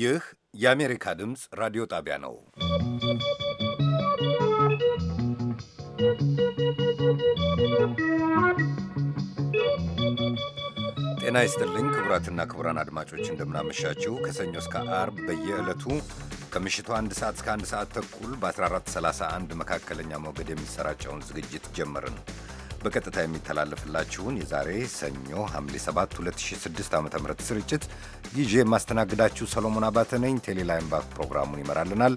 ይህ የአሜሪካ ድምፅ ራዲዮ ጣቢያ ነው። ጤና ይስጥልኝ ክቡራትና ክቡራን አድማጮች እንደምናመሻችው ከሰኞ እስከ አርብ በየዕለቱ ከምሽቱ አንድ ሰዓት እስከ አንድ ሰዓት ተኩል በ1431 መካከለኛ ሞገድ የሚሰራጨውን ዝግጅት ጀመርን። በቀጥታ የሚተላለፍላችሁን የዛሬ ሰኞ ሐምሌ 7 2006 ዓ ም ስርጭት ይዤ የማስተናግዳችሁ ሰሎሞን አባተ ነኝ። ቴሌላይን ባክ ፕሮግራሙን ይመራልናል።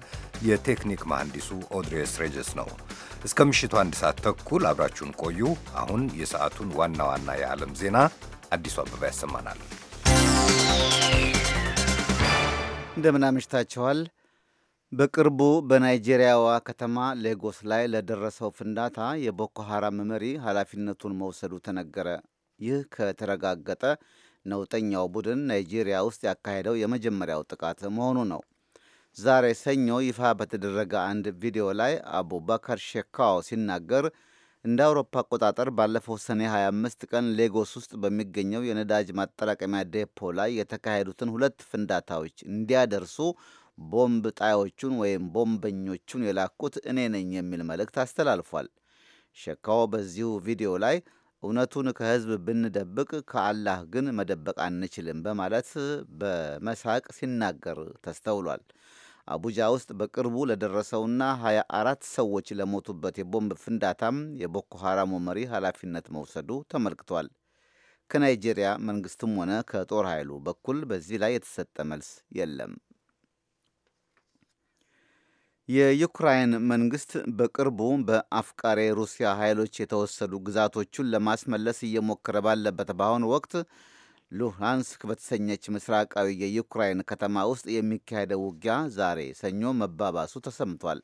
የቴክኒክ መሐንዲሱ ኦድሬስ ሬጀስ ነው። እስከ ምሽቱ አንድ ሰዓት ተኩል አብራችሁን ቆዩ። አሁን የሰዓቱን ዋና ዋና የዓለም ዜና አዲሱ አበባ ያሰማናል። እንደምን አምሽታችኋል። በቅርቡ በናይጄሪያዋ ከተማ ሌጎስ ላይ ለደረሰው ፍንዳታ የቦኮ ሐራም መሪ ኃላፊነቱን መውሰዱ ተነገረ። ይህ ከተረጋገጠ ነውጠኛው ቡድን ናይጄሪያ ውስጥ ያካሄደው የመጀመሪያው ጥቃት መሆኑ ነው። ዛሬ ሰኞ ይፋ በተደረገ አንድ ቪዲዮ ላይ አቡበከር ሼካው ሲናገር እንደ አውሮፓ አቆጣጠር ባለፈው ሰኔ 25 ቀን ሌጎስ ውስጥ በሚገኘው የነዳጅ ማጠራቀሚያ ዴፖ ላይ የተካሄዱትን ሁለት ፍንዳታዎች እንዲያደርሱ ቦምብ ጣዮቹን ወይም ቦምበኞቹን የላኩት እኔ ነኝ የሚል መልእክት አስተላልፏል። ሸካው በዚሁ ቪዲዮ ላይ እውነቱን ከህዝብ ብንደብቅ ከአላህ ግን መደበቅ አንችልም በማለት በመሳቅ ሲናገር ተስተውሏል። አቡጃ ውስጥ በቅርቡ ለደረሰውና 24 ሰዎች ለሞቱበት የቦምብ ፍንዳታም የቦኮ ሐራሙ መሪ ኃላፊነት መውሰዱ ተመልክቷል። ከናይጄሪያ መንግስትም ሆነ ከጦር ኃይሉ በኩል በዚህ ላይ የተሰጠ መልስ የለም። የዩክራይን መንግስት በቅርቡ በአፍቃሬ ሩሲያ ኃይሎች የተወሰዱ ግዛቶቹን ለማስመለስ እየሞከረ ባለበት በአሁኑ ወቅት ሉሃንስክ በተሰኘች ምስራቃዊ የዩክራይን ከተማ ውስጥ የሚካሄደው ውጊያ ዛሬ ሰኞ መባባሱ ተሰምቷል።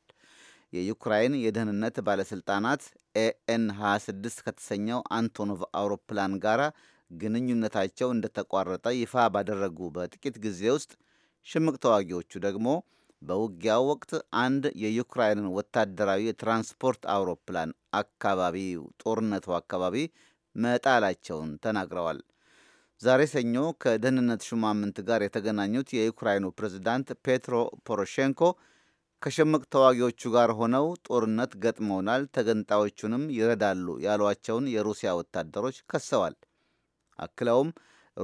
የዩክራይን የደህንነት ባለሥልጣናት ኤኤን 26 ከተሰኘው አንቶኖቭ አውሮፕላን ጋር ግንኙነታቸው እንደተቋረጠ ይፋ ባደረጉ በጥቂት ጊዜ ውስጥ ሽምቅ ተዋጊዎቹ ደግሞ በውጊያው ወቅት አንድ የዩክራይንን ወታደራዊ የትራንስፖርት አውሮፕላን አካባቢው ጦርነቱ አካባቢ መጣላቸውን ተናግረዋል። ዛሬ ሰኞ ከደህንነት ሹማምንት ጋር የተገናኙት የዩክራይኑ ፕሬዝዳንት ፔትሮ ፖሮሼንኮ ከሽምቅ ተዋጊዎቹ ጋር ሆነው ጦርነት ገጥመውናል፣ ተገንጣዮቹንም ይረዳሉ ያሏቸውን የሩሲያ ወታደሮች ከሰዋል። አክለውም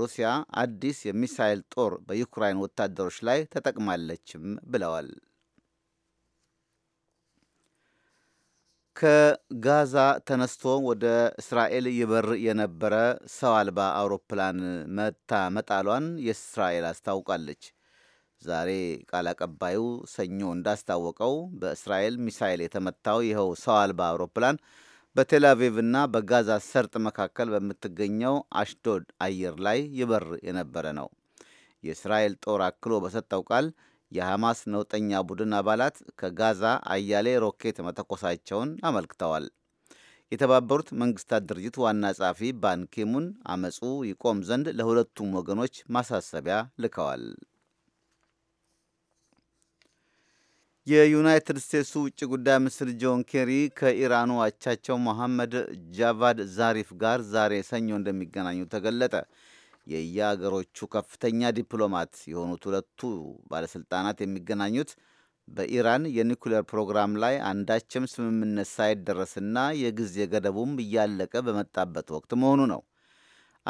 ሩሲያ አዲስ የሚሳይል ጦር በዩክራይን ወታደሮች ላይ ተጠቅማለችም ብለዋል። ከጋዛ ተነስቶ ወደ እስራኤል ይበር የነበረ ሰው አልባ አውሮፕላን መታ መጣሏን የእስራኤል አስታውቃለች። ዛሬ ቃል አቀባዩ ሰኞ እንዳስታወቀው በእስራኤል ሚሳይል የተመታው ይኸው ሰው አልባ አውሮፕላን በቴል አቪቭና በጋዛ ሰርጥ መካከል በምትገኘው አሽዶድ አየር ላይ ይበር የነበረ ነው። የእስራኤል ጦር አክሎ በሰጠው ቃል የሐማስ ነውጠኛ ቡድን አባላት ከጋዛ አያሌ ሮኬት መተኮሳቸውን አመልክተዋል። የተባበሩት መንግስታት ድርጅት ዋና ጸሐፊ ባንኪሙን አመፁ ይቆም ዘንድ ለሁለቱም ወገኖች ማሳሰቢያ ልከዋል። የዩናይትድ ስቴትሱ ውጭ ጉዳይ ሚኒስትር ጆን ኬሪ ከኢራኑ አቻቸው መሐመድ ጃቫድ ዛሪፍ ጋር ዛሬ ሰኞ እንደሚገናኙ ተገለጠ። የየአገሮቹ ከፍተኛ ዲፕሎማት የሆኑት ሁለቱ ባለሥልጣናት የሚገናኙት በኢራን የኒኩሌር ፕሮግራም ላይ አንዳችም ስምምነት ሳይደረስና የጊዜ ገደቡም እያለቀ በመጣበት ወቅት መሆኑ ነው።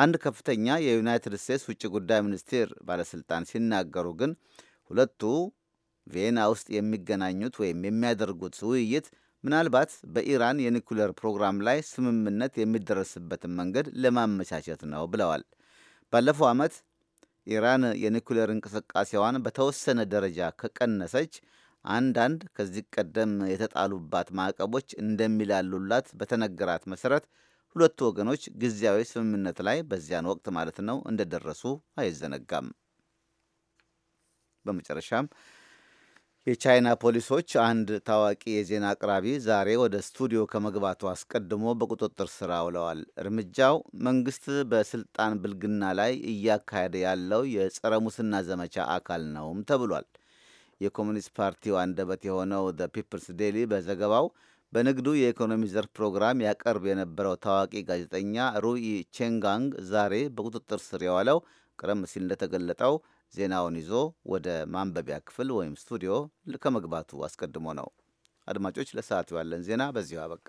አንድ ከፍተኛ የዩናይትድ ስቴትስ ውጭ ጉዳይ ሚኒስቴር ባለሥልጣን ሲናገሩ ግን ሁለቱ ቪየና ውስጥ የሚገናኙት ወይም የሚያደርጉት ውይይት ምናልባት በኢራን የኒኩሌር ፕሮግራም ላይ ስምምነት የሚደረስበትን መንገድ ለማመቻቸት ነው ብለዋል። ባለፈው ዓመት ኢራን የኒኩሌር እንቅስቃሴዋን በተወሰነ ደረጃ ከቀነሰች አንዳንድ ከዚህ ቀደም የተጣሉባት ማዕቀቦች እንደሚላሉላት በተነገራት መሰረት ሁለቱ ወገኖች ጊዜያዊ ስምምነት ላይ በዚያን ወቅት ማለት ነው እንደደረሱ አይዘነጋም። በመጨረሻም የቻይና ፖሊሶች አንድ ታዋቂ የዜና አቅራቢ ዛሬ ወደ ስቱዲዮ ከመግባቱ አስቀድሞ በቁጥጥር ስር አውለዋል። እርምጃው መንግስት በስልጣን ብልግና ላይ እያካሄደ ያለው የጸረ ሙስና ዘመቻ አካል ነውም ተብሏል። የኮሚኒስት ፓርቲው አንደበት የሆነው ዘ ፒፕልስ ዴሊ በዘገባው በንግዱ የኢኮኖሚ ዘርፍ ፕሮግራም ያቀርብ የነበረው ታዋቂ ጋዜጠኛ ሩኢ ቼንጋንግ ዛሬ በቁጥጥር ስር የዋለው ቀደም ሲል እንደተገለጠው ዜናውን ይዞ ወደ ማንበቢያ ክፍል ወይም ስቱዲዮ ከመግባቱ አስቀድሞ ነው። አድማጮች፣ ለሰዓቱ ያለን ዜና በዚሁ አበቃ።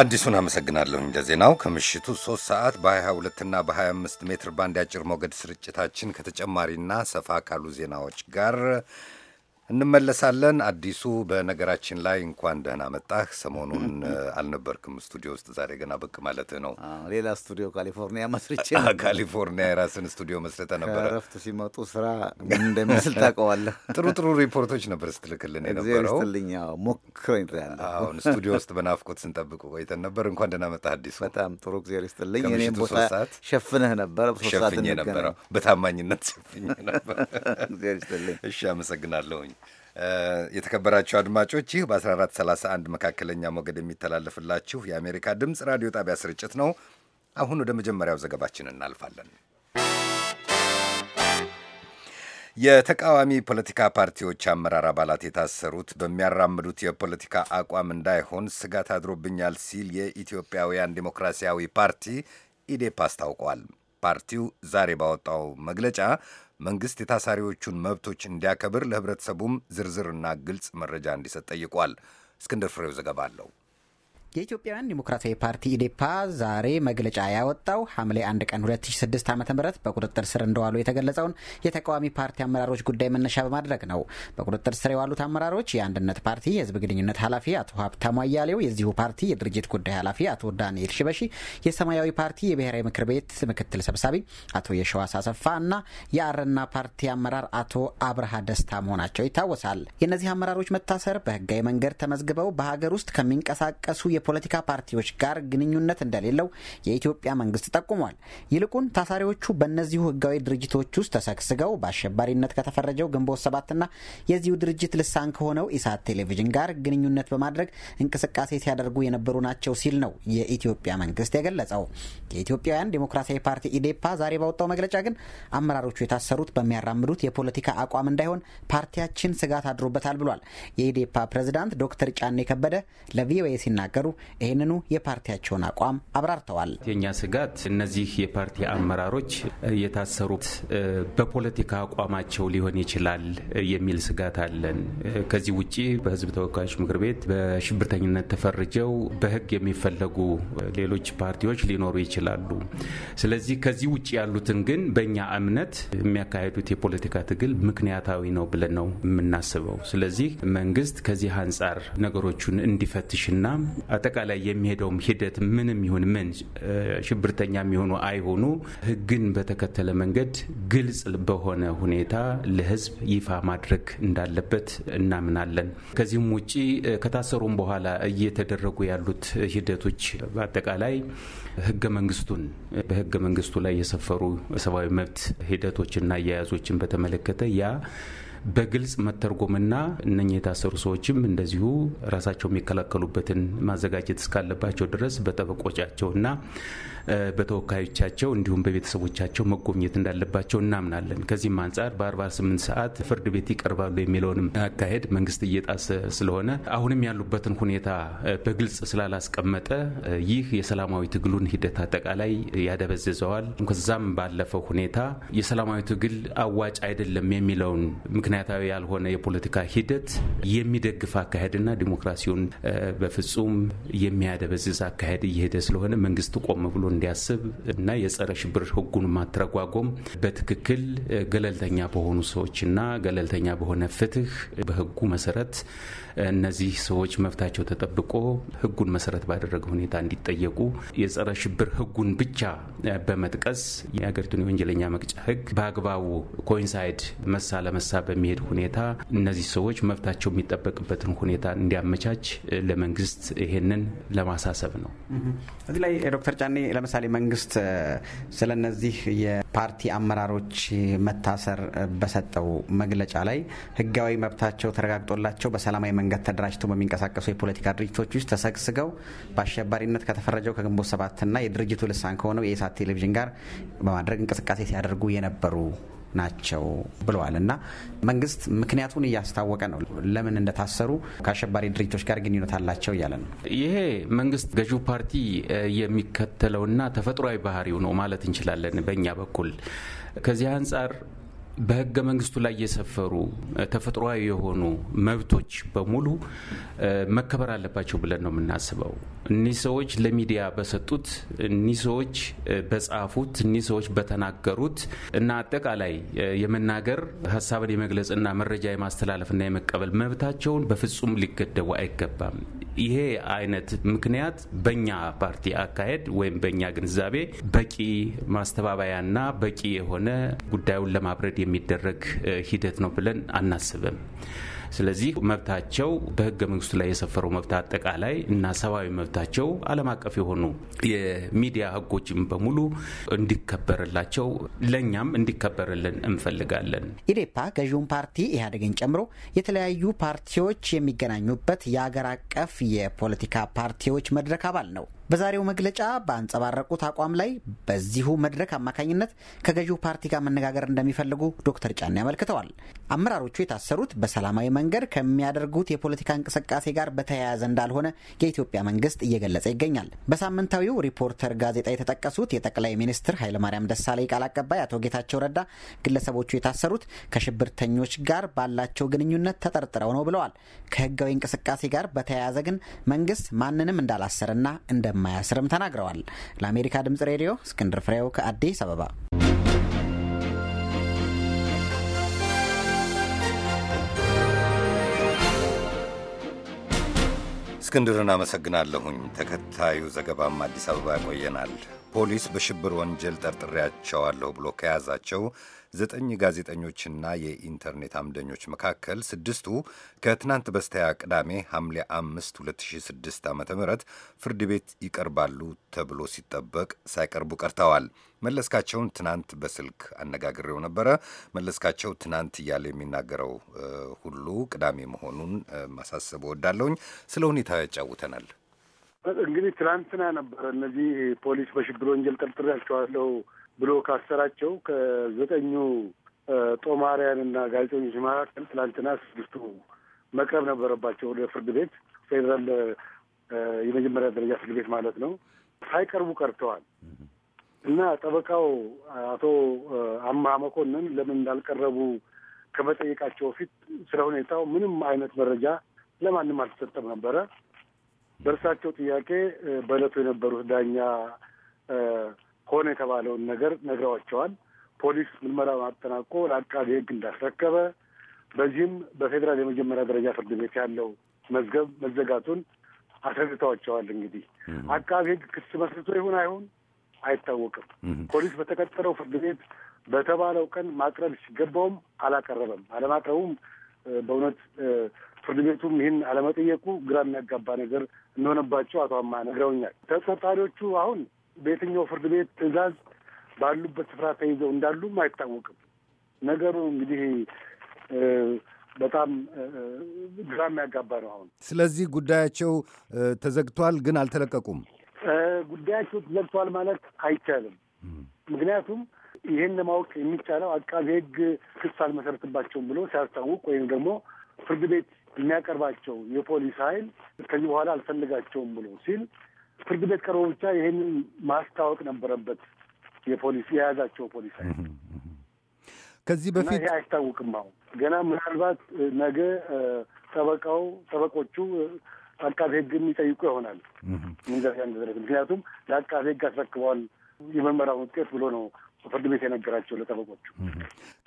አዲሱን አመሰግናለሁ። እንደ ዜናው ከምሽቱ 3 ሰዓት በ22 እና በ25 ሜትር ባንድ ያጭር ሞገድ ስርጭታችን ከተጨማሪና ሰፋ ካሉ ዜናዎች ጋር እንመለሳለን። አዲሱ በነገራችን ላይ እንኳን ደህና መጣህ። ሰሞኑን አልነበርክም ስቱዲዮ ውስጥ፣ ዛሬ ገና ብቅ ማለትህ ነው። ሌላ ስቱዲዮ ካሊፎርኒያ መስርቼ ካሊፎርኒያ የራስን ስቱዲዮ መስርተህ ነበረ። እረፍት ሲመጡ ስራ ምን እንደሚመስል ታውቀዋለህ። ጥሩ ጥሩ ሪፖርቶች ነበር ስትልክልን የነበረውልኛው ሞክረኝ ያለ ስቱዲዮ ውስጥ በናፍቆት ስንጠብቁ ቆይተን ነበር። እንኳን ደህና መጣህ አዲሱ። በጣም ጥሩ ጊዜ ስትልኝ እኔም ቦታ ሸፍነህ ነበረ። ሸፍኜ ነበረ፣ በታማኝነት ሸፍኜ ነበር። እሺ አመሰግናለሁኝ። የተከበራችሁ አድማጮች ይህ በ1431 መካከለኛ ሞገድ የሚተላለፍላችሁ የአሜሪካ ድምፅ ራዲዮ ጣቢያ ስርጭት ነው። አሁን ወደ መጀመሪያው ዘገባችን እናልፋለን። የተቃዋሚ ፖለቲካ ፓርቲዎች አመራር አባላት የታሰሩት በሚያራምዱት የፖለቲካ አቋም እንዳይሆን ስጋት አድሮብኛል ሲል የኢትዮጵያውያን ዲሞክራሲያዊ ፓርቲ ኢዴፓ አስታውቋል። ፓርቲው ዛሬ ባወጣው መግለጫ መንግሥት የታሳሪዎቹን መብቶች እንዲያከብር ለህብረተሰቡም ዝርዝርና ግልጽ መረጃ እንዲሰጥ ጠይቋል። እስክንድር ፍሬው ዘገባ አለው። የኢትዮጵያውያን ዴሞክራሲያዊ ፓርቲ ኢዴፓ ዛሬ መግለጫ ያወጣው ሐምሌ 1 ቀን 2006 ዓ ም በቁጥጥር ስር እንደዋሉ የተገለጸውን የተቃዋሚ ፓርቲ አመራሮች ጉዳይ መነሻ በማድረግ ነው። በቁጥጥር ስር የዋሉት አመራሮች የአንድነት ፓርቲ የህዝብ ግንኙነት ኃላፊ አቶ ሀብታሙ አያሌው፣ የዚሁ ፓርቲ የድርጅት ጉዳይ ኃላፊ አቶ ዳንኤል ሽበሺ፣ የሰማያዊ ፓርቲ የብሔራዊ ምክር ቤት ምክትል ሰብሳቢ አቶ የሸዋስ አሰፋ እና የአረና ፓርቲ አመራር አቶ አብርሃ ደስታ መሆናቸው ይታወሳል። የእነዚህ አመራሮች መታሰር በህጋዊ መንገድ ተመዝግበው በሀገር ውስጥ ከሚንቀሳቀሱ የፖለቲካ ፓርቲዎች ጋር ግንኙነት እንደሌለው የኢትዮጵያ መንግስት ጠቁሟል። ይልቁን ታሳሪዎቹ በእነዚሁ ህጋዊ ድርጅቶች ውስጥ ተሰግስገው በአሸባሪነት ከተፈረጀው ግንቦት ሰባትና የዚሁ ድርጅት ልሳን ከሆነው ኢሳት ቴሌቪዥን ጋር ግንኙነት በማድረግ እንቅስቃሴ ሲያደርጉ የነበሩ ናቸው ሲል ነው የኢትዮጵያ መንግስት የገለጸው። የኢትዮጵያውያን ዴሞክራሲያዊ ፓርቲ ኢዴፓ ዛሬ ባወጣው መግለጫ ግን አመራሮቹ የታሰሩት በሚያራምዱት የፖለቲካ አቋም እንዳይሆን ፓርቲያችን ስጋት አድሮበታል ብሏል። የኢዴፓ ፕሬዝዳንት ዶክተር ጫኔ ከበደ ለቪኦኤ ሲናገሩ ሲናገሩ ይህንኑ የፓርቲያቸውን አቋም አብራርተዋል። የኛ ስጋት እነዚህ የፓርቲ አመራሮች የታሰሩት በፖለቲካ አቋማቸው ሊሆን ይችላል የሚል ስጋት አለን። ከዚህ ውጭ በህዝብ ተወካዮች ምክር ቤት በሽብርተኝነት ተፈርጀው በህግ የሚፈለጉ ሌሎች ፓርቲዎች ሊኖሩ ይችላሉ። ስለዚህ ከዚህ ውጭ ያሉትን ግን በእኛ እምነት የሚያካሄዱት የፖለቲካ ትግል ምክንያታዊ ነው ብለን ነው የምናስበው። ስለዚህ መንግስት ከዚህ አንጻር ነገሮቹን እንዲፈትሽና አጠቃላይ የሚሄደውም ሂደት ምንም ይሁን ምን ሽብርተኛ የሚሆኑ አይሆኑ ህግን በተከተለ መንገድ ግልጽ በሆነ ሁኔታ ለህዝብ ይፋ ማድረግ እንዳለበት እናምናለን። ከዚህም ውጭ ከታሰሩም በኋላ እየተደረጉ ያሉት ሂደቶች በአጠቃላይ ህገ መንግስቱን በህገ መንግስቱ ላይ የሰፈሩ ሰብአዊ መብት ሂደቶችና አያያዞችን በተመለከተ ያ በግልጽ መተርጎምና እነኚህ የታሰሩ ሰዎችም እንደዚሁ ራሳቸው የሚከላከሉበትን ማዘጋጀት እስካለባቸው ድረስ በጠበቆቻቸውና በተወካዮቻቸው እንዲሁም በቤተሰቦቻቸው መጎብኘት እንዳለባቸው እናምናለን። ከዚህም አንጻር በ48 ሰዓት ፍርድ ቤት ይቀርባሉ የሚለውንም አካሄድ መንግስት እየጣሰ ስለሆነ አሁንም ያሉበትን ሁኔታ በግልጽ ስላላስቀመጠ ይህ የሰላማዊ ትግሉን ሂደት አጠቃላይ ያደበዝዘዋል። ከዛም ባለፈው ሁኔታ የሰላማዊ ትግል አዋጭ አይደለም የሚለውን ምክንያት ምክንያታዊ ያልሆነ የፖለቲካ ሂደት የሚደግፍ አካሄድና ዲሞክራሲውን በፍጹም የሚያደበዝዝ አካሄድ እየሄደ ስለሆነ መንግስት ቆም ብሎ እንዲያስብ እና የጸረ ሽብር ህጉን ማተረጓጎም በትክክል ገለልተኛ በሆኑ ሰዎችና ገለልተኛ በሆነ ፍትህ በህጉ መሰረት እነዚህ ሰዎች መብታቸው ተጠብቆ ህጉን መሰረት ባደረገ ሁኔታ እንዲጠየቁ የጸረ ሽብር ህጉን ብቻ በመጥቀስ የሀገሪቱን የወንጀለኛ መቅጫ ህግ በአግባቡ ኮይንሳይድ መሳ ለመሳ በሚሄድ ሁኔታ እነዚህ ሰዎች መብታቸው የሚጠበቅበትን ሁኔታ እንዲያመቻች ለመንግስት ይሄንን ለማሳሰብ ነው። እዚህ ላይ ዶክተር ጫኔ ለምሳሌ መንግስት ስለ እነዚህ የፓርቲ አመራሮች መታሰር በሰጠው መግለጫ ላይ ህጋዊ መብታቸው ተረጋግጦላቸው በሰላማዊ አንገት ተደራጅተው በሚንቀሳቀሱ የፖለቲካ ድርጅቶች ውስጥ ተሰግስገው በአሸባሪነት ከተፈረጀው ከግንቦት ሰባትና የድርጅቱ ልሳን ከሆነው የኢሳት ቴሌቪዥን ጋር በማድረግ እንቅስቃሴ ሲያደርጉ የነበሩ ናቸው ብለዋል። እና መንግስት ምክንያቱን እያስታወቀ ነው። ለምን እንደታሰሩ ከአሸባሪ ድርጅቶች ጋር ግንኙነት አላቸው እያለ ነው። ይሄ መንግስት ገዢው ፓርቲ የሚከተለውና ተፈጥሯዊ ባህሪው ነው ማለት እንችላለን። በእኛ በኩል ከዚህ አንጻር በህገ መንግስቱ ላይ የሰፈሩ ተፈጥሯዊ የሆኑ መብቶች በሙሉ መከበር አለባቸው ብለን ነው የምናስበው። እኒህ ሰዎች ለሚዲያ በሰጡት፣ እኒህ ሰዎች በጻፉት፣ እኒህ ሰዎች በተናገሩት እና አጠቃላይ የመናገር ሀሳብን የመግለጽና መረጃ የማስተላለፍና የመቀበል መብታቸውን በፍጹም ሊገደቡ አይገባም። ይሄ አይነት ምክንያት በእኛ ፓርቲ አካሄድ ወይም በእኛ ግንዛቤ በቂ ማስተባበያና በቂ የሆነ ጉዳዩን ለማብረድ የሚደረግ ሂደት ነው ብለን አናስብም። ስለዚህ መብታቸው በህገ መንግስቱ ላይ የሰፈረው መብት አጠቃላይ እና ሰብአዊ መብታቸው ዓለም አቀፍ የሆኑ የሚዲያ ህጎችም በሙሉ እንዲከበርላቸው ለእኛም እንዲከበርልን እንፈልጋለን። ኢዴፓ ገዢውን ፓርቲ ኢህአዴግን ጨምሮ የተለያዩ ፓርቲዎች የሚገናኙበት የአገር አቀፍ የፖለቲካ ፓርቲዎች መድረክ አባል ነው። በዛሬው መግለጫ በአንጸባረቁት አቋም ላይ በዚሁ መድረክ አማካኝነት ከገዢው ፓርቲ ጋር መነጋገር እንደሚፈልጉ ዶክተር ጫኔ አመልክተዋል። አመራሮቹ የታሰሩት በሰላማዊ መንገድ ከሚያደርጉት የፖለቲካ እንቅስቃሴ ጋር በተያያዘ እንዳልሆነ የኢትዮጵያ መንግስት እየገለጸ ይገኛል። በሳምንታዊው ሪፖርተር ጋዜጣ የተጠቀሱት የጠቅላይ ሚኒስትር ኃይለማርያም ደሳለኝ ቃል አቀባይ አቶ ጌታቸው ረዳ ግለሰቦቹ የታሰሩት ከሽብርተኞች ጋር ባላቸው ግንኙነት ተጠርጥረው ነው ብለዋል። ከህጋዊ እንቅስቃሴ ጋር በተያያዘ ግን መንግስት ማንንም እንዳላሰረና እንደ እንደማያስርም ተናግረዋል። ለአሜሪካ ድምጽ ሬዲዮ እስክንድር ፍሬው ከአዲስ አበባ። እስክንድርን አመሰግናለሁኝ። ተከታዩ ዘገባም አዲስ አበባ ይቆየናል። ፖሊስ በሽብር ወንጀል ጠርጥሬያቸዋለሁ ብሎ ከያዛቸው ዘጠኝ ጋዜጠኞችና የኢንተርኔት አምደኞች መካከል ስድስቱ ከትናንት በስተያ ቅዳሜ ሐምሌ 5 2006 ዓ ም ፍርድ ቤት ይቀርባሉ ተብሎ ሲጠበቅ ሳይቀርቡ ቀርተዋል። መለስካቸውን ትናንት በስልክ አነጋግሬው ነበረ። መለስካቸው ትናንት እያለ የሚናገረው ሁሉ ቅዳሜ መሆኑን ማሳሰብ እወዳለሁኝ። ስለ ሁኔታ ያጫውተናል። እንግዲህ ትናንትና ነበረ እነዚህ ፖሊስ በሽብር ወንጀል ጠርጥሬያቸዋለሁ ብሎ ካሰራቸው ከዘጠኙ ጦማሪያን እና ጋዜጠኞች መካከል ትላንትና ስድስቱ መቅረብ ነበረባቸው ወደ ፍርድ ቤት ፌዴራል የመጀመሪያ ደረጃ ፍርድ ቤት ማለት ነው። ሳይቀርቡ ቀርተዋል እና ጠበቃው አቶ አማ መኮንን ለምን እንዳልቀረቡ ከመጠየቃቸው በፊት ስለ ሁኔታው ምንም አይነት መረጃ ለማንም አልተሰጠም ነበረ። በእርሳቸው ጥያቄ በእለቱ የነበሩት ዳኛ ሆነ የተባለውን ነገር ነግረዋቸዋል። ፖሊስ ምርመራ ማጠናቆ ለአቃቢ ሕግ እንዳስረከበ በዚህም በፌዴራል የመጀመሪያ ደረጃ ፍርድ ቤት ያለው መዝገብ መዘጋቱን አስረድተዋቸዋል። እንግዲህ አቃቢ ሕግ ክስ መስርቶ ይሁን አይሁን አይታወቅም። ፖሊስ በተቀጠረው ፍርድ ቤት በተባለው ቀን ማቅረብ ሲገባውም አላቀረበም። አለማቅረቡም በእውነት ፍርድ ቤቱም ይህን አለመጠየቁ ግራ የሚያጋባ ነገር እንደሆነባቸው አቶ አማ ነግረውኛል። ተጠርጣሪዎቹ አሁን በየትኛው ፍርድ ቤት ትዕዛዝ ባሉበት ስፍራ ተይዘው እንዳሉም አይታወቅም። ነገሩ እንግዲህ በጣም ግራ የሚያጋባ ነው። አሁን ስለዚህ ጉዳያቸው ተዘግቷል፣ ግን አልተለቀቁም። ጉዳያቸው ተዘግቷል ማለት አይቻልም። ምክንያቱም ይህን ለማወቅ የሚቻለው አቃቤ ሕግ ክስ አልመሰረትባቸውም ብሎ ሲያስታውቅ ወይም ደግሞ ፍርድ ቤት የሚያቀርባቸው የፖሊስ ኃይል ከዚህ በኋላ አልፈልጋቸውም ብሎ ሲል ፍርድ ቤት ቀርቦ ብቻ ይሄንን ማስታወቅ ነበረበት። የፖሊስ የያዛቸው ፖሊስ ከዚህ በፊት አይታወቅም። አሁን ገና ምናልባት ነገ ጠበቃው ጠበቆቹ አቃቤ ሕግ የሚጠይቁ ይሆናል ምንዛ ምክንያቱም ለአቃቤ ሕግ አስረክበዋል የመመራን ውጤት ብሎ ነው ፍርድ ቤት የነገራቸው ለጠበቆቹ።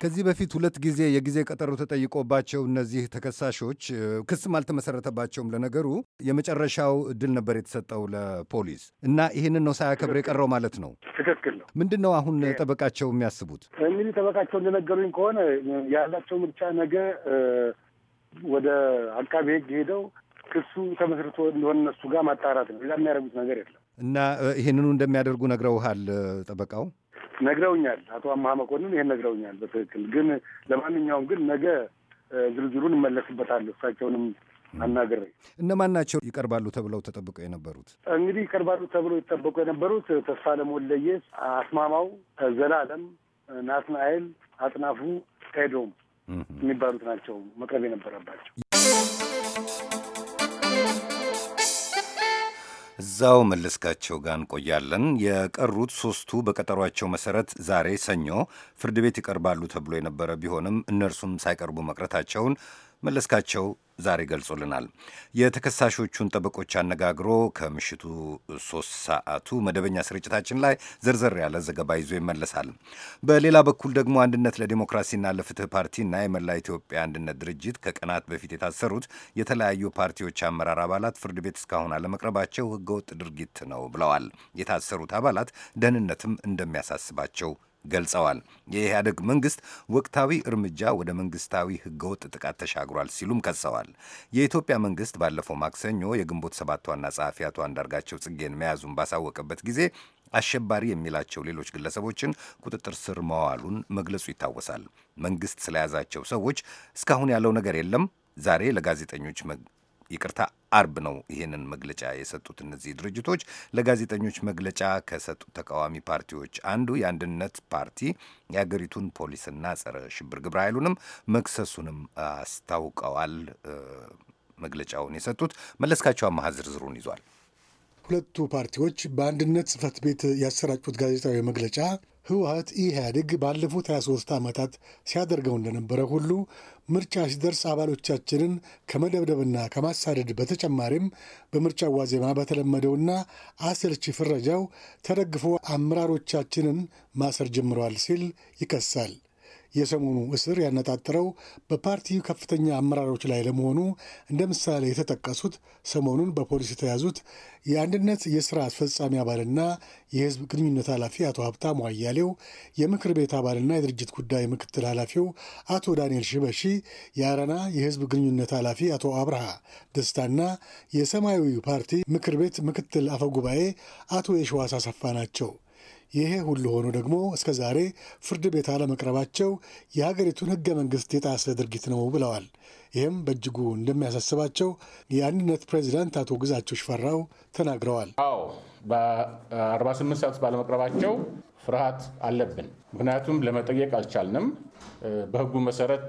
ከዚህ በፊት ሁለት ጊዜ የጊዜ ቀጠሮ ተጠይቆባቸው እነዚህ ተከሳሾች ክስም አልተመሰረተባቸውም። ለነገሩ የመጨረሻው እድል ነበር የተሰጠው ለፖሊስ እና ይህንን ነው ሳያከብር የቀረው ማለት ነው። ትክክል ነው። ምንድን ነው አሁን ጠበቃቸው የሚያስቡት? እንግዲህ ጠበቃቸው እንደነገሩኝ ከሆነ ያላቸው ምርጫ ነገ ወደ አቃቤ ሕግ ሄደው ክሱ ተመስርቶ እንደሆነ እነሱ ጋር ማጣራት ነው። ሌላ የሚያደርጉት ነገር የለም እና ይህንኑ እንደሚያደርጉ ነግረውሃል ጠበቃው? ነግረውኛል። አቶ አመሀ መኮንን ይህን ነግረውኛል። በትክክል ግን ለማንኛውም ግን ነገ ዝርዝሩን እመለስበታለሁ እሳቸውንም አናግሬ እነማን ናቸው ይቀርባሉ ተብለው ተጠብቀው የነበሩት? እንግዲህ ይቀርባሉ ተብለው የተጠበቁ የነበሩት ተስፋለም ወልደየስ፣ አስማማው ዘላለም፣ ናትናኤል አጥናፉ፣ ኤዶም የሚባሉት ናቸው መቅረብ የነበረባቸው። እዛው መለስካቸው ጋር እንቆያለን። የቀሩት ሶስቱ በቀጠሯቸው መሰረት ዛሬ ሰኞ ፍርድ ቤት ይቀርባሉ ተብሎ የነበረ ቢሆንም እነርሱም ሳይቀርቡ መቅረታቸውን መለስካቸው ዛሬ ገልጾልናል። የተከሳሾቹን ጠበቆች አነጋግሮ ከምሽቱ ሶስት ሰዓቱ መደበኛ ስርጭታችን ላይ ዘርዘር ያለ ዘገባ ይዞ ይመለሳል። በሌላ በኩል ደግሞ አንድነት ለዲሞክራሲና ለፍትህ ፓርቲና የመላ ኢትዮጵያ አንድነት ድርጅት ከቀናት በፊት የታሰሩት የተለያዩ ፓርቲዎች አመራር አባላት ፍርድ ቤት እስካሁን አለመቅረባቸው ህገወጥ ድርጊት ነው ብለዋል። የታሰሩት አባላት ደህንነትም እንደሚያሳስባቸው ገልጸዋል። የኢህአደግ መንግስት ወቅታዊ እርምጃ ወደ መንግስታዊ ህገወጥ ጥቃት ተሻግሯል ሲሉም ከሰዋል። የኢትዮጵያ መንግስት ባለፈው ማክሰኞ የግንቦት ሰባት ዋና ጸሐፊ አቶ አንዳርጋቸው ጽጌን መያዙን ባሳወቀበት ጊዜ አሸባሪ የሚላቸው ሌሎች ግለሰቦችን ቁጥጥር ስር መዋሉን መግለጹ ይታወሳል። መንግስት ስለያዛቸው ሰዎች እስካሁን ያለው ነገር የለም። ዛሬ ለጋዜጠኞች ይቅርታ አርብ ነው ይህንን መግለጫ የሰጡት። እነዚህ ድርጅቶች ለጋዜጠኞች መግለጫ ከሰጡ ተቃዋሚ ፓርቲዎች አንዱ የአንድነት ፓርቲ የአገሪቱን ፖሊስና ጸረ ሽብር ግብረ ኃይሉንም መክሰሱንም አስታውቀዋል። መግለጫውን የሰጡት መለስካቸው አማሃ ዝርዝሩን ይዟል። ሁለቱ ፓርቲዎች በአንድነት ጽህፈት ቤት ያሰራጩት ጋዜጣዊ መግለጫ ህወሀት ኢህአዴግ ባለፉት 23 ዓመታት ሲያደርገው እንደነበረ ሁሉ ምርጫ ሲደርስ አባሎቻችንን ከመደብደብና ከማሳደድ በተጨማሪም በምርጫ ዋዜማ በተለመደውና አሰልቺ ፍረጃው ተደግፎ አመራሮቻችንን ማሰር ጀምረዋል ሲል ይከሳል። የሰሞኑ እስር ያነጣጠረው በፓርቲው ከፍተኛ አመራሮች ላይ ለመሆኑ እንደ ምሳሌ የተጠቀሱት ሰሞኑን በፖሊስ የተያዙት የአንድነት የስራ አስፈጻሚ አባልና የህዝብ ግንኙነት ኃላፊ አቶ ሀብታሙ አያሌው፣ የምክር ቤት አባልና የድርጅት ጉዳይ ምክትል ኃላፊው አቶ ዳንኤል ሽበሺ፣ የአረና የህዝብ ግንኙነት ኃላፊ አቶ አብርሃ ደስታና የሰማያዊ ፓርቲ ምክር ቤት ምክትል አፈጉባኤ አቶ የሸዋስ አሰፋ ናቸው። ይሄ ሁሉ ሆኖ ደግሞ እስከ ዛሬ ፍርድ ቤት አለመቅረባቸው የሀገሪቱን ህገ መንግስት የጣሰ ድርጊት ነው ብለዋል። ይህም በእጅጉ እንደሚያሳስባቸው የአንድነት ፕሬዚዳንት አቶ ግዛቸው ሽፈራው ተናግረዋል። አዎ በ48 ሰዓት ባለመቅረባቸው ፍርሃት አለብን። ምክንያቱም ለመጠየቅ አልቻልንም። በህጉ መሰረት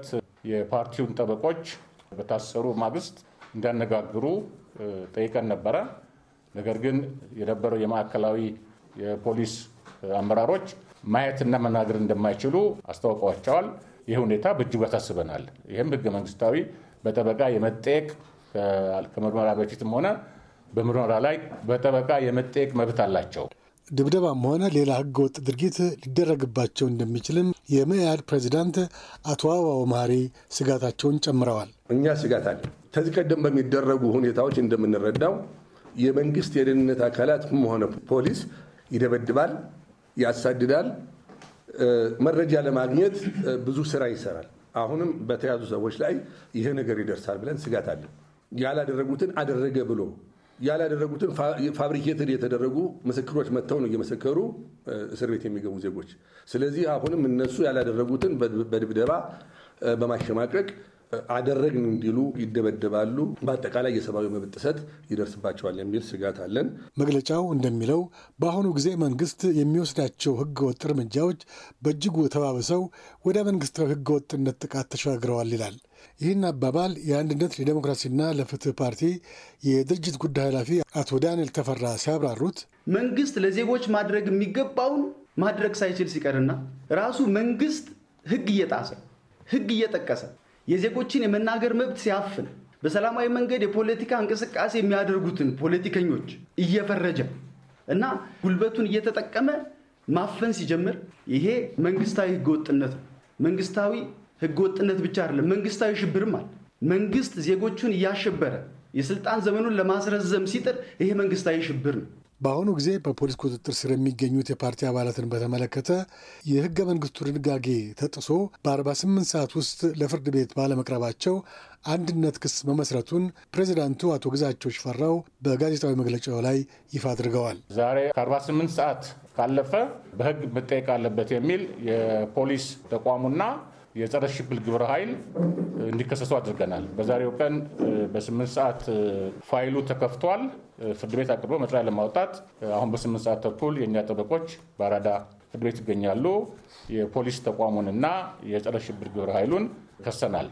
የፓርቲውን ጠበቆች በታሰሩ ማግስት እንዳነጋግሩ ጠይቀን ነበረ። ነገር ግን የነበረው የማዕከላዊ የፖሊስ አመራሮች ማየትና መናገር እንደማይችሉ አስታውቀዋቸዋል። ይህ ሁኔታ በእጅጉ ያሳስበናል። ይህም ህገ መንግስታዊ በጠበቃ የመጠየቅ ከምርመራ በፊትም ሆነ በምርመራ ላይ በጠበቃ የመጠየቅ መብት አላቸው። ድብደባም ሆነ ሌላ ህገወጥ ድርጊት ሊደረግባቸው እንደሚችልም የመያድ ፕሬዚዳንት አቶ አበባው መሐሪ ስጋታቸውን ጨምረዋል። እኛ ስጋት አለ። ከዚህ ቀደም በሚደረጉ ሁኔታዎች እንደምንረዳው የመንግስት የደህንነት አካላት ሆነ ፖሊስ ይደበድባል፣ ያሳድዳል። መረጃ ለማግኘት ብዙ ስራ ይሰራል። አሁንም በተያዙ ሰዎች ላይ ይሄ ነገር ይደርሳል ብለን ስጋት አለን። ያላደረጉትን አደረገ ብሎ ያላደረጉትን ፋብሪኬትድ የተደረጉ ምስክሮች መጥተው ነው እየመሰከሩ እስር ቤት የሚገቡ ዜጎች። ስለዚህ አሁንም እነሱ ያላደረጉትን በድብደባ በማሸማቀቅ አደረግን እንዲሉ ይደበደባሉ። በአጠቃላይ የሰብአዊ መብት ጥሰት ይደርስባቸዋል የሚል ስጋት አለን። መግለጫው እንደሚለው በአሁኑ ጊዜ መንግስት የሚወስዳቸው ህገወጥ እርምጃዎች በእጅጉ ተባብሰው ወደ መንግስታዊ ህገወጥነት ጥቃት ተሸጋግረዋል ይላል። ይህን አባባል የአንድነት ለዴሞክራሲና ለፍትህ ፓርቲ የድርጅት ጉዳይ ኃላፊ አቶ ዳንኤል ተፈራ ሲያብራሩት መንግስት ለዜጎች ማድረግ የሚገባውን ማድረግ ሳይችል ሲቀርና ራሱ መንግስት ህግ እየጣሰ ህግ እየጠቀሰ የዜጎችን የመናገር መብት ሲያፍን በሰላማዊ መንገድ የፖለቲካ እንቅስቃሴ የሚያደርጉትን ፖለቲከኞች እየፈረጀ እና ጉልበቱን እየተጠቀመ ማፈን ሲጀምር ይሄ መንግስታዊ ህገወጥነት ነው። መንግስታዊ ህገወጥነት ብቻ አይደለም፣ መንግስታዊ ሽብርም አለ። መንግስት ዜጎቹን እያሸበረ የስልጣን ዘመኑን ለማስረዘም ሲጥር ይሄ መንግስታዊ ሽብር ነው። በአሁኑ ጊዜ በፖሊስ ቁጥጥር ስር የሚገኙት የፓርቲ አባላትን በተመለከተ የህገ መንግስቱ ድንጋጌ ተጥሶ በ48 ሰዓት ውስጥ ለፍርድ ቤት ባለመቅረባቸው አንድነት ክስ መመስረቱን ፕሬዚዳንቱ አቶ ግዛቸው ሽፈራው በጋዜጣዊ መግለጫው ላይ ይፋ አድርገዋል። ዛሬ ከ48 ሰዓት ካለፈ በህግ መጠየቅ አለበት የሚል የፖሊስ ተቋሙና የጸረ ሽብል ግብረ ኃይል እንዲከሰሱ አድርገናል። በዛሬው ቀን በስምንት ሰዓት ፋይሉ ተከፍቷል። ፍርድ ቤት አቅርቦ መጥሪያ ለማውጣት አሁን በስምንት ሰዓት ተኩል የእኛ ጠበቆች በአራዳ ፍርድ ቤት ይገኛሉ። የፖሊስ ተቋሙንና የጸረ ሽብር ግብረ ኃይሉን ከሰናል።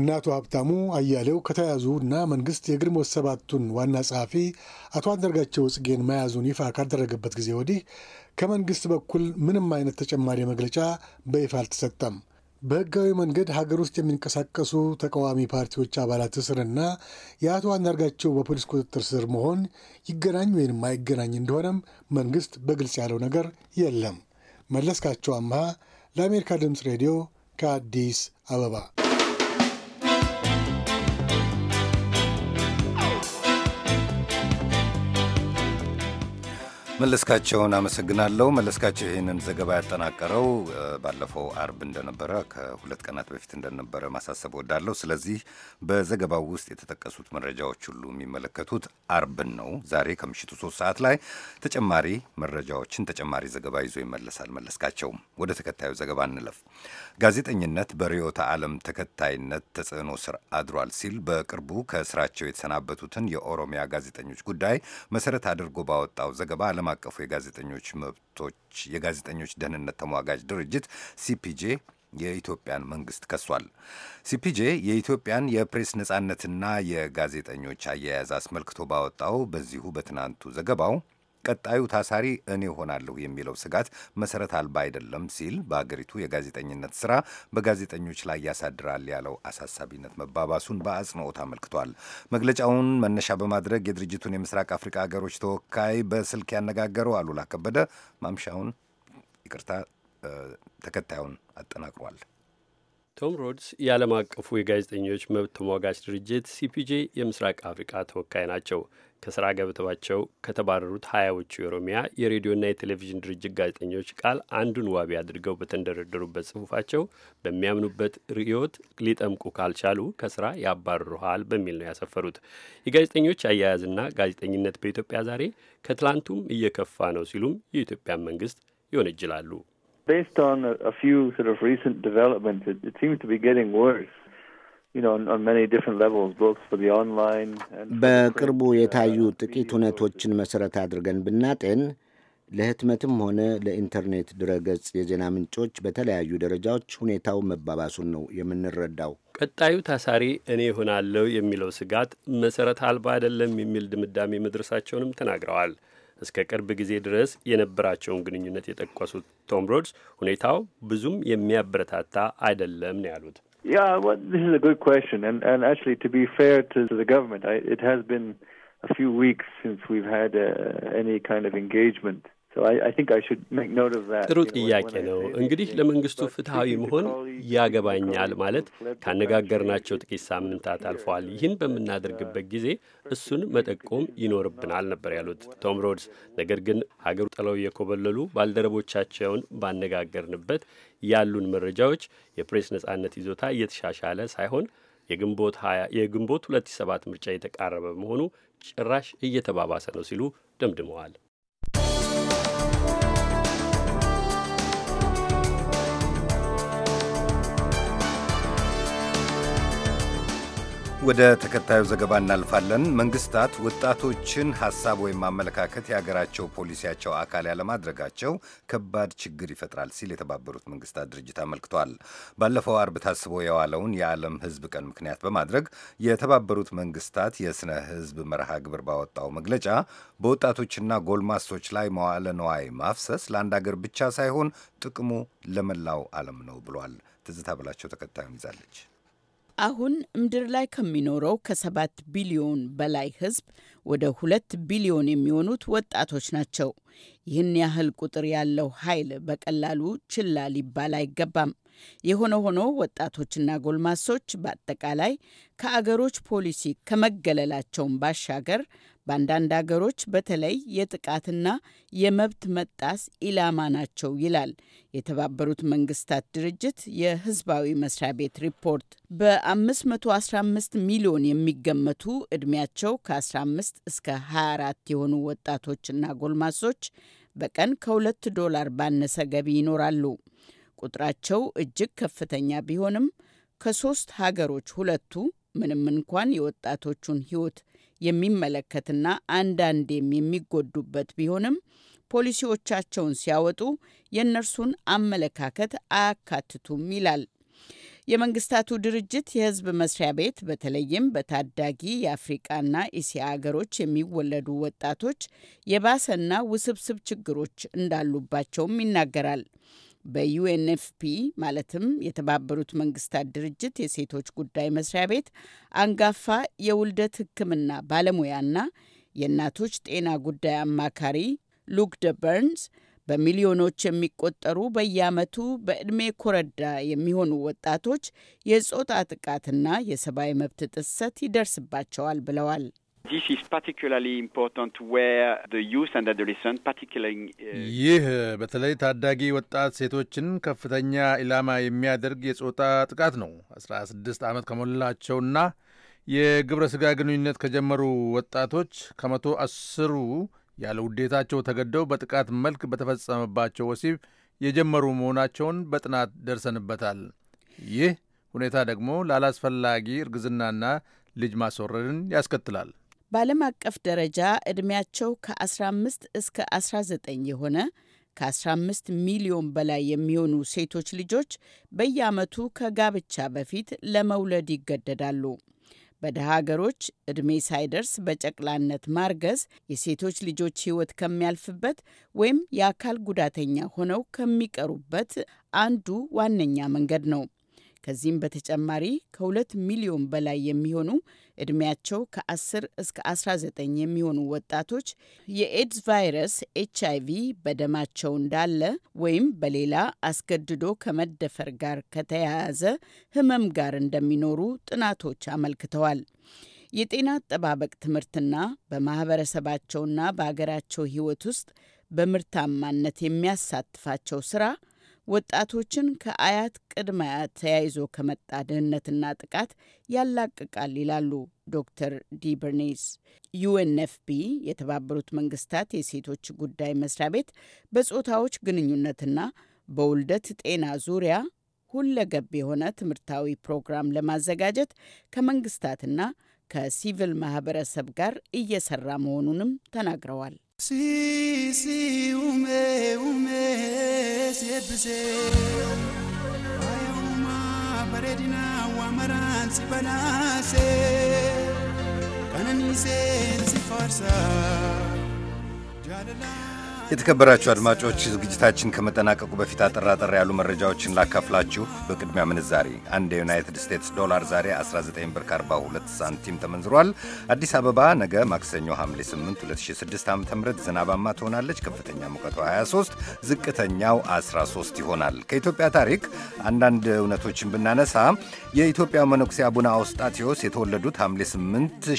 እነ አቶ ሀብታሙ አያሌው ከተያዙ እና መንግስት የግንቦት ሰባቱን ዋና ጸሐፊ አቶ አንዳርጋቸው ጽጌን መያዙን ይፋ ካደረገበት ጊዜ ወዲህ ከመንግስት በኩል ምንም አይነት ተጨማሪ መግለጫ በይፋ አልተሰጠም። በህጋዊ መንገድ ሀገር ውስጥ የሚንቀሳቀሱ ተቃዋሚ ፓርቲዎች አባላት እስርና የአቶ አንዳርጋቸው በፖሊስ ቁጥጥር ስር መሆን ይገናኝ ወይንም አይገናኝ እንደሆነም መንግስት በግልጽ ያለው ነገር የለም። መለስካቸው አምሃ ለአሜሪካ ድምፅ ሬዲዮ ከአዲስ አበባ መለስካቸውን አመሰግናለሁ። መለስካቸው ይህንን ዘገባ ያጠናቀረው ባለፈው አርብ እንደነበረ ከሁለት ቀናት በፊት እንደነበረ ማሳሰብ ወዳለሁ። ስለዚህ በዘገባው ውስጥ የተጠቀሱት መረጃዎች ሁሉ የሚመለከቱት አርብን ነው። ዛሬ ከምሽቱ ሶስት ሰዓት ላይ ተጨማሪ መረጃዎችን ተጨማሪ ዘገባ ይዞ ይመለሳል መለስካቸው። ወደ ተከታዩ ዘገባ እንለፍ። ጋዜጠኝነት በርዕዮተ ዓለም ተከታይነት ተጽዕኖ ስር አድሯል ሲል በቅርቡ ከስራቸው የተሰናበቱትን የኦሮሚያ ጋዜጠኞች ጉዳይ መሰረት አድርጎ ባወጣው ዘገባ ዓለም አቀፉ የጋዜጠኞች መብቶች የጋዜጠኞች ደህንነት ተሟጋጅ ድርጅት ሲፒጄ የኢትዮጵያን መንግስት ከሷል። ሲፒጄ የኢትዮጵያን የፕሬስ ነጻነትና የጋዜጠኞች አያያዝ አስመልክቶ ባወጣው በዚሁ በትናንቱ ዘገባው ቀጣዩ ታሳሪ እኔ ሆናለሁ የሚለው ስጋት መሰረት አልባ አይደለም ሲል በአገሪቱ የጋዜጠኝነት ስራ በጋዜጠኞች ላይ ያሳድራል ያለው አሳሳቢነት መባባሱን በአጽንኦት አመልክቷል። መግለጫውን መነሻ በማድረግ የድርጅቱን የምስራቅ አፍሪካ ሀገሮች ተወካይ በስልክ ያነጋገረው አሉላ ከበደ ማምሻውን ይቅርታ ተከታዩን አጠናቅሯል። ቶም ሮድስ የዓለም አቀፉ የጋዜጠኞች መብት ተሟጋች ድርጅት ሲፒጄ የምስራቅ አፍሪቃ ተወካይ ናቸው። ከስራ ገበታቸው ከተባረሩት ሀያዎቹ የኦሮሚያ የሬዲዮና የቴሌቪዥን ድርጅት ጋዜጠኞች ቃል አንዱን ዋቢ አድርገው በተንደረደሩበት ጽሁፋቸው በሚያምኑበት ርዕዮት ሊጠምቁ ካልቻሉ ከስራ ያባርሩሃል በሚል ነው ያሰፈሩት። የጋዜጠኞች አያያዝና ጋዜጠኝነት በኢትዮጵያ ዛሬ ከትላንቱም እየከፋ ነው ሲሉም የኢትዮጵያን መንግስት ይወነጅላሉ። based on a, a few sort of recent developments, it, it seems to be getting worse. በቅርቡ uh, የታዩ uh, ጥቂት ሁነቶችን መሠረት አድርገን ብናጤን ለህትመትም ሆነ ለኢንተርኔት ድረገጽ የዜና ምንጮች በተለያዩ ደረጃዎች ሁኔታው መባባሱን ነው የምንረዳው። ቀጣዩ ታሳሪ እኔ እሆናለሁ የሚለው ስጋት መሠረት አልባ አይደለም የሚል ድምዳሜ መድረሳቸውንም ተናግረዋል። እስከ ቅርብ ጊዜ ድረስ የነበራቸውን ግንኙነት የጠቀሱት ቶም ሮድስ ሁኔታው ብዙም የሚያበረታታ አይደለም ነው ያሉት። ያ this is a good question and and actually to be fair to the government I, it has been a few weeks since we've had uh, any kind of engagement ጥሩ ጥያቄ ነው። እንግዲህ ለመንግስቱ ፍትሐዊ መሆን ያገባኛል ማለት ካነጋገርናቸው ጥቂት ሳምንታት አልፈዋል። ይህን በምናደርግበት uh, ጊዜ እሱን መጠቆም ይኖርብናል uh, ነበር ያሉት ቶም ሮድስ። ነገር ግን ሀገሩ ጥለው የኮበለሉ ባልደረቦቻቸውን ባነጋገርንበት ያሉን መረጃዎች የፕሬስ ነጻነት ይዞታ እየተሻሻለ ሳይሆን የግንቦት ሀያ የግንቦት 27 ምርጫ የተቃረበ በመሆኑ ጭራሽ እየተባባሰ ነው ሲሉ ደምድመዋል። ወደ ተከታዩ ዘገባ እናልፋለን። መንግስታት ወጣቶችን ሐሳብ ወይም አመለካከት የሀገራቸው ፖሊሲያቸው አካል ያለማድረጋቸው ከባድ ችግር ይፈጥራል ሲል የተባበሩት መንግስታት ድርጅት አመልክቷል። ባለፈው አርብ ታስቦ የዋለውን የዓለም ሕዝብ ቀን ምክንያት በማድረግ የተባበሩት መንግስታት የሥነ ሕዝብ መርሃ ግብር ባወጣው መግለጫ በወጣቶችና ጎልማሶች ላይ መዋለ ነዋይ ማፍሰስ ለአንድ አገር ብቻ ሳይሆን ጥቅሙ ለመላው ዓለም ነው ብሏል። ትዝታ ብላቸው ተከታዩን ይዛለች። አሁን ምድር ላይ ከሚኖረው ከሰባት ቢሊዮን በላይ ህዝብ ወደ ሁለት ቢሊዮን የሚሆኑት ወጣቶች ናቸው። ይህን ያህል ቁጥር ያለው ኃይል በቀላሉ ችላ ሊባል አይገባም። የሆነ ሆኖ ወጣቶችና ጎልማሶች በአጠቃላይ ከአገሮች ፖሊሲ ከመገለላቸውን ባሻገር በአንዳንድ አገሮች በተለይ የጥቃትና የመብት መጣስ ኢላማ ናቸው ይላል የተባበሩት መንግስታት ድርጅት የህዝባዊ መስሪያ ቤት ሪፖርት። በ515 ሚሊዮን የሚገመቱ ዕድሜያቸው ከ15 እስከ 24 የሆኑ ወጣቶችና ጎልማሶች በቀን ከ2 ዶላር ባነሰ ገቢ ይኖራሉ። ቁጥራቸው እጅግ ከፍተኛ ቢሆንም ከሶስት ሀገሮች ሁለቱ ምንም እንኳን የወጣቶቹን ህይወት የሚመለከትና አንዳንዴም የሚጎዱበት ቢሆንም ፖሊሲዎቻቸውን ሲያወጡ የእነርሱን አመለካከት አያካትቱም ይላል። የመንግስታቱ ድርጅት የህዝብ መስሪያ ቤት በተለይም በታዳጊ የአፍሪቃና እስያ አገሮች የሚወለዱ ወጣቶች የባሰና ውስብስብ ችግሮች እንዳሉባቸውም ይናገራል። በዩኤንኤፍፒ ማለትም የተባበሩት መንግስታት ድርጅት የሴቶች ጉዳይ መስሪያ ቤት አንጋፋ የውልደት ሕክምና ባለሙያና የእናቶች ጤና ጉዳይ አማካሪ ሉክ ደ በርንስ በሚሊዮኖች የሚቆጠሩ በየዓመቱ በዕድሜ ኮረዳ የሚሆኑ ወጣቶች የጾታ ጥቃትና የሰብአዊ መብት ጥሰት ይደርስባቸዋል ብለዋል። Uh, ይህ በተለይ ታዳጊ ወጣት ሴቶችን ከፍተኛ ኢላማ የሚያደርግ የጾታ ጥቃት ነው። 16 ዓመት ከሞላቸውና የግብረ ሥጋ ግንኙነት ከጀመሩ ወጣቶች ከመቶ አስሩ ያለ ውዴታቸው ተገደው በጥቃት መልክ በተፈጸመባቸው ወሲብ የጀመሩ መሆናቸውን በጥናት ደርሰንበታል። ይህ ሁኔታ ደግሞ ላላስፈላጊ እርግዝናና ልጅ ማስወረድን ያስከትላል። በዓለም አቀፍ ደረጃ ዕድሜያቸው ከ15 እስከ 19 የሆነ ከ15 ሚሊዮን በላይ የሚሆኑ ሴቶች ልጆች በየዓመቱ ከጋብቻ በፊት ለመውለድ ይገደዳሉ። በድሃ ሀገሮች ዕድሜ ሳይደርስ በጨቅላነት ማርገዝ የሴቶች ልጆች ሕይወት ከሚያልፍበት ወይም የአካል ጉዳተኛ ሆነው ከሚቀሩበት አንዱ ዋነኛ መንገድ ነው። ከዚህም በተጨማሪ ከሁለት ሚሊዮን በላይ የሚሆኑ ዕድሜያቸው ከ10 እስከ 19 የሚሆኑ ወጣቶች የኤድስ ቫይረስ ኤች በደማቸው እንዳለ ወይም በሌላ አስገድዶ ከመደፈር ጋር ከተያያዘ ህመም ጋር እንደሚኖሩ ጥናቶች አመልክተዋል። የጤና አጠባበቅ ትምህርትና በማህበረሰባቸውና በአገራቸው ሕይወት ውስጥ በምርታማነት የሚያሳትፋቸው ስራ ወጣቶችን ከአያት ቅድመ አያት ተያይዞ ከመጣ ድህነትና ጥቃት ያላቅቃል ይላሉ ዶክተር ዲ በርኔስ። ዩኤንኤፍፒ የተባበሩት መንግስታት የሴቶች ጉዳይ መስሪያ ቤት በጾታዎች ግንኙነትና በውልደት ጤና ዙሪያ ሁለገብ የሆነ ትምህርታዊ ፕሮግራም ለማዘጋጀት ከመንግስታትና ከሲቪል ማህበረሰብ ጋር እየሰራ መሆኑንም ተናግረዋል። Si, si, ume, ume, seebbise. Faaya uumaa bareedinaa waamaraan si banaasee. Kananiiseen si faarsaa. የተከበራችሁ አድማጮች ዝግጅታችን ከመጠናቀቁ በፊት አጠራጠር ያሉ መረጃዎችን ላካፍላችሁ። በቅድሚያ ምንዛሬ አንድ የዩናይትድ ስቴትስ ዶላር ዛሬ 19 ብር 42 ሳንቲም ተመንዝሯል። አዲስ አበባ ነገ ማክሰኞ ሐምሌ 8 2006 ዓ ም ዝናባማ ትሆናለች። ከፍተኛ ሙቀቷ 23፣ ዝቅተኛው 13 ይሆናል። ከኢትዮጵያ ታሪክ አንዳንድ እውነቶችን ብናነሳ የኢትዮጵያ መነኩሴ አቡነ አውስጣቴዎስ የተወለዱት ሐምሌ 8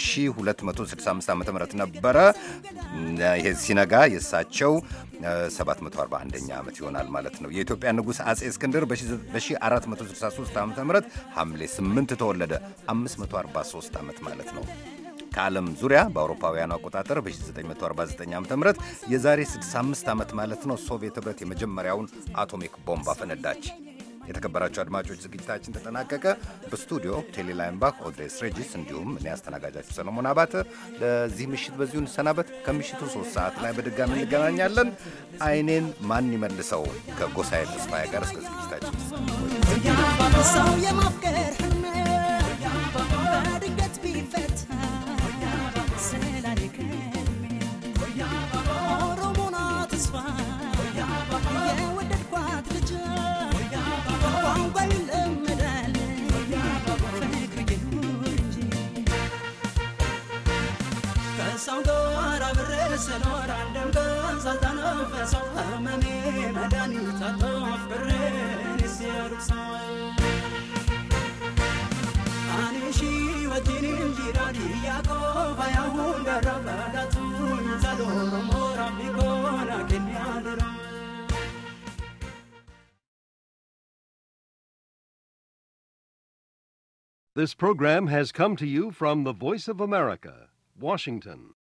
1265 ዓ ም ነበረ። ይሄ ሲነጋ የእሳቸው 741ኛ ዓመት ይሆናል ማለት ነው። የኢትዮጵያ ንጉሥ አጼ እስክንድር በ1463 ዓ ም ሐምሌ 8 ተወለደ። 543 ዓመት ማለት ነው። ከዓለም ዙሪያ በአውሮፓውያኑ አቆጣጠር በ1949 ዓ ም የዛሬ 65 ዓመት ማለት ነው ሶቪየት ኅብረት የመጀመሪያውን አቶሚክ ቦምብ አፈነዳች። የተከበራቸው አድማጮች ዝግጅታችን ተጠናቀቀ። በስቱዲዮ ቴሌላይምባክ ኦድሬስ ሬጂስ፣ እንዲሁም እኔ አስተናጋጃችሁ ሰለሞን አባተ ለዚህ ምሽት በዚሁ እንሰናበት። ከምሽቱ ሶስት ሰዓት ላይ በድጋሚ እንገናኛለን። አይኔን ማን ይመልሰው ከጎሳዬ ተስፋዬ ጋር እስከ ዝግጅታችን ሰው የማፍቀር this has come to you from the voice of kobhii!